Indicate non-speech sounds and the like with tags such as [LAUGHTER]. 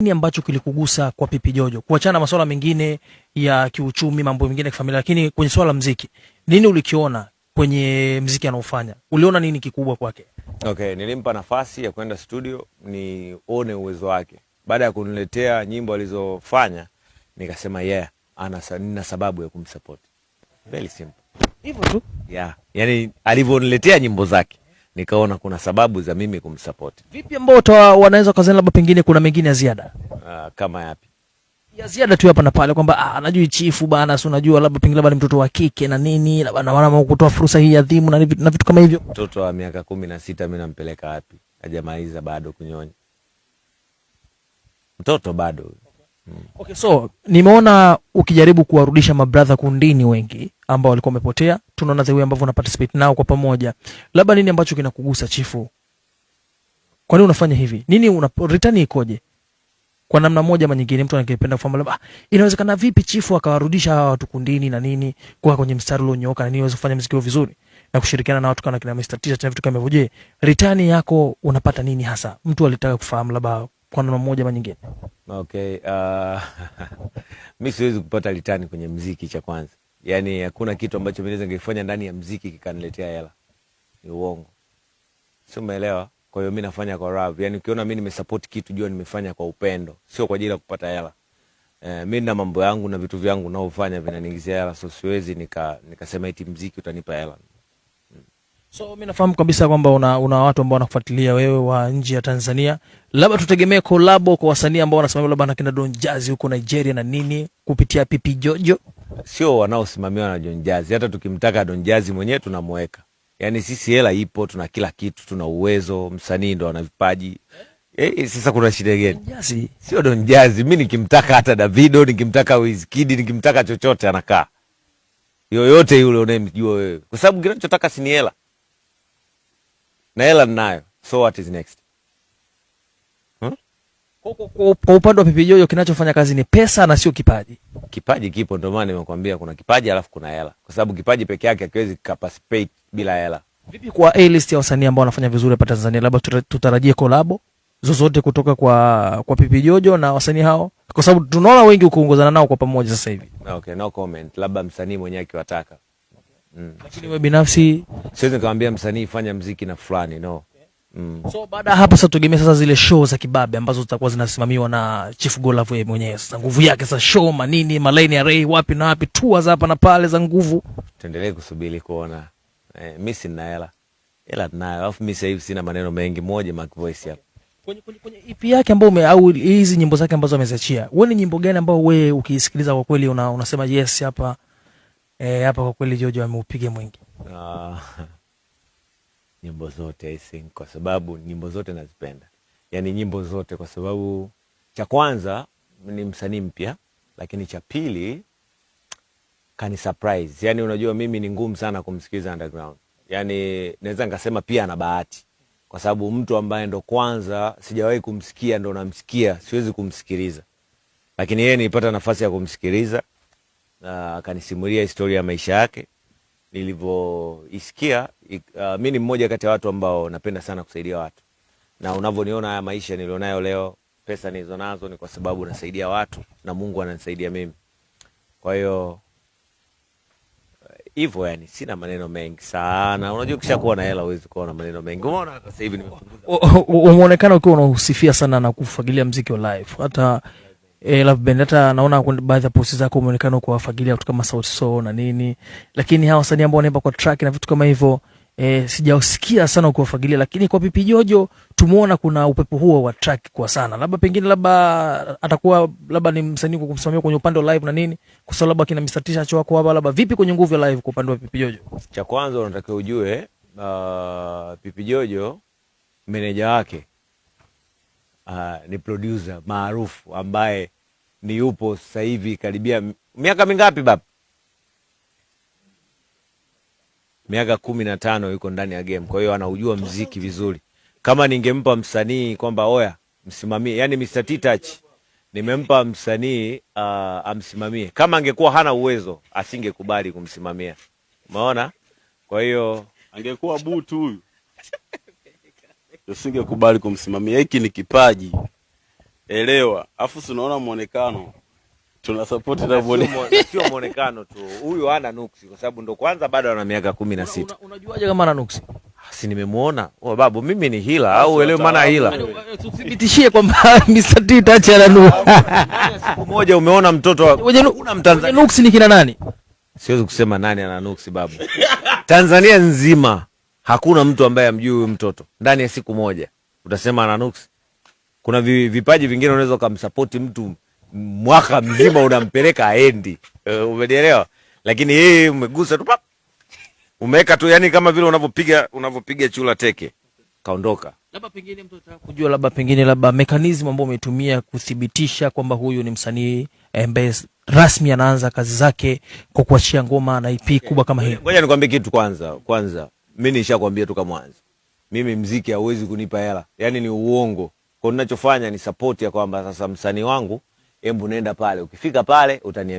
Nini ambacho kilikugusa kwa Pipi Jojo, kuachana na masuala mengine ya kiuchumi, mambo mengine ya kifamilia, lakini kwenye swala la mziki, nini ulikiona kwenye mziki anaofanya? Uliona nini kikubwa kwake? Okay, nilimpa nafasi ya kwenda studio nione uwezo wake. Baada ya kuniletea nyimbo alizofanya, nikasema yeah, ana nina sababu ya kumsupport. Very simple. Hivyo tu. Yeah. Yani alivyoniletea nyimbo zake nikaona kuna sababu za mimi kumsupport. Vipi ambao wanaweza kazana, labda pengine kuna mengine ya ziada? Aa, ah, kama yapi ya ziada tu hapa na pale kwamba ah, anajui chifu bana, si unajua, labda pengine labda ni mtoto wa kike na nini, labda na wana kutoa fursa hii adhimu na na vitu kama hivyo. Mtoto wa miaka kumi na sita mimi nampeleka wapi? Hajamaliza bado kunyonya, mtoto bado. Okay, mm. Okay, so nimeona ukijaribu kuwarudisha mabradha kundini wengi ambao walikuwa wamepotea, tunaona the way ambavyo una participate nao kwa pamoja. Labda nini ambacho kinakugusa chifu? Kwa nini unafanya hivi? Nini una return ikoje? Kwa namna moja ama nyingine, mtu angependa kufahamu labda, ah, inawezekana vipi chifu akawarudisha hawa watu kundini na nini, kwa kwenye mstari ulionyooka na nini waweze kufanya muziki vizuri na kushirikiana na watu kama kina Mr. Tisha na vitu kama hivyo. Je, return yako unapata nini hasa? Mtu alitaka kufahamu labda kwa namna moja ama nyingine. Okay, uh, mimi [LAUGHS] siwezi kupata return kwenye muziki cha kwanza yani hakuna kitu ambacho mimi ningefanya ndani ya mziki kikaniletea hela, ni uongo, sio umeelewa? Kwa hiyo mimi nafanya kwa love, yani ukiona mimi nimesupport kitu jua nimefanya kwa upendo, sio kwa ajili ya kupata hela. Eh, mimi na mambo yangu na vitu vyangu ninaofanya vinaniingizia hela, so siwezi nika nikasema eti mziki utanipa hela. Mm. So mi nafahamu kabisa kwamba una, una watu ambao wanakufuatilia wewe wa nje ya Tanzania, labda tutegemee kolabo kwa wasanii ambao wanasimama labda na kina Don Jazzy huko Nigeria na nini kupitia Pipi Jojo sio wanaosimamiwa na Don Jazzy. Hata tukimtaka Don Jazzy mwenyewe tunamweka. Yani sisi hela ipo, tuna kila kitu, tuna uwezo, msanii ndo ana vipaji E, sasa kuna shida gani? Sio Don Jazzy. Mi nikimtaka hata Davido, nikimtaka Wizkid, nikimtaka chochote anakaa, yoyote yule unayemjua wewe, kwa sababu kinachotaka si ni hela na hela ninayo. So what is next? Kwa upande wa Pipi Jojo kinachofanya kazi ni pesa na sio kipaji. Kipaji kipo, ndio maana nimekwambia kuna kipaji alafu kuna hela, kwa sababu kipaji peke yake hakiwezi participate bila hela. Vipi kwa A list ya wasanii ambao wanafanya vizuri hapa Tanzania, labda tutarajie kolabo zozote kutoka kwa kwa Pipi Jojo na wasanii hao, kwa sababu tunaona wengi ukiongozana nao kwa pamoja sasa hivi? Okay, no comment, labda msanii mwenyewe akiwataka. Mm. Lakini wewe binafsi siwezi kumwambia msanii fanya mziki na fulani, no Mm. So baada ya hapa sasa tutegemea sasa zile show za kibabe ambazo zitakuwa zinasimamiwa na Chief Godlove yeye mwenyewe. Sasa nguvu yake sasa show manini, malaini ya Ray wapi na wapi, za hapa na pale za nguvu. Tuendelee kusubiri kuona. Eh, mimi sina hela. Hela tunayo. Alafu mimi sasa hivi sina maneno mengi, moja Mac Voice hapa. Kwenye kwenye kwenye EP yake ambayo ume au hizi nyimbo zake ambazo ameziachia. Wewe ni nyimbo gani ambayo wewe ukisikiliza kwa kweli una, unasema yes hapa eh, hapa kwa kweli Jojo ameupiga mwingi. Ah. [LAUGHS] nyimbo zote I think, kwa sababu nyimbo zote nazipenda, yani nyimbo zote, kwa sababu cha kwanza ni msanii mpya, lakini cha pili kani surprise. Yani unajua mimi ni ngumu sana kumsikiliza underground, yani naweza nikasema pia ana bahati, kwa sababu mtu ambaye ndo kwanza sijawahi kumsikia ndo namsikia, siwezi kumsikiliza, lakini yeye nilipata nafasi ya kumsikiliza na akanisimulia historia ya maisha yake nilivyoisikia uh, mi ni mmoja kati ya watu ambao napenda sana kusaidia watu, na unavyoniona haya maisha nilionayo leo, pesa nilizonazo ni kwa sababu nasaidia watu na Mungu ananisaidia mimi. Kwa hiyo uh, hivyo yani, sina maneno mengi sana. Unajua, kuwa na hela uwezi kuwa na maneno mengi. Umeona sasa hivi nimepunguza, umeonekana ukiwa unahusifia sana na kufagilia mziki wa live hata E, Love Band hata naona baadhi ya posti zako umeonekana kuwafagilia watu kama Sauti Sol na nini, lakini hawa wasanii ambao wanaimba kwa track na vitu kama hivyo e, sijausikia sana kuwafagilia, lakini kwa Pipi Jojo tumuona kuna upepo huo wa track kwa sana, labda pengine labda atakuwa labda ni msanii kwa kumsimamia kwenye upande wa live na nini, kwa sababu labda kina Mr. Tisha wako hapa, labda vipi kwenye nguvu ya live kwa upande wa Pipi Jojo? Cha kwanza unatakiwa ujue, uh, Pipi Jojo meneja wake uh, ni producer maarufu ambaye ni yupo sasa hivi karibia miaka mingapi baba? Miaka kumi na tano yuko ndani ya game, kwa hiyo anaujua mziki vizuri. Kama ningempa msanii kwamba oya msimamie, yani Mr. Titach nimempa msanii uh, amsimamie, kama angekuwa hana uwezo asingekubali kumsimamia, umeona? Kwa hiyo angekuwa butu huyu, [LAUGHS] usingekubali kumsimamia. Hiki ni kipaji elewa, afu tunaona mwonekano tuna support na muonekano, sio mwonekano tu. Huyu ana nuksi kwa sababu ndo kwanza bado ana miaka kumi na sita. Unajuaje kama ana nuksi? Ah, si nimemuona oh, babu mimi ni hila au uelewe maana hila. Yaani, eh, tuthibitishie kwamba [LAUGHS] Mr. T touch ana nuksi. Siku moja umeona mtoto una Mtanzania nuksi ni kina nani? Siwezi kusema nani ana nuksi babu. Tanzania nzima hakuna mtu ambaye amjui huyu mtoto ndani ya siku moja, utasema ana nuksi kuna vipaji vingine unaweza ukamsapoti mtu mwaka mzima [LAUGHS] unampeleka aendi, uh, umenielewa? Lakini yeye umegusa tu pap, umeweka tu, yani kama vile unavyopiga unavyopiga chula teke, kaondoka. Labda pengine mtu anataka kujua, labda pengine, labda mekanizmu ambao umetumia kuthibitisha kwamba huyu ni msanii eh, ambaye rasmi anaanza kazi zake kwa kuachia ngoma na IP okay, kubwa kama hii. Ngoja nikwambie kitu kwanza. Kwanza mimi nishakwambia tu kama mwanzo, mimi mziki hauwezi kunipa hela, yani ni uongo kwa ninachofanya ni support ya kwamba sasa msanii wangu, hebu nenda pale, ukifika pale utaniambia.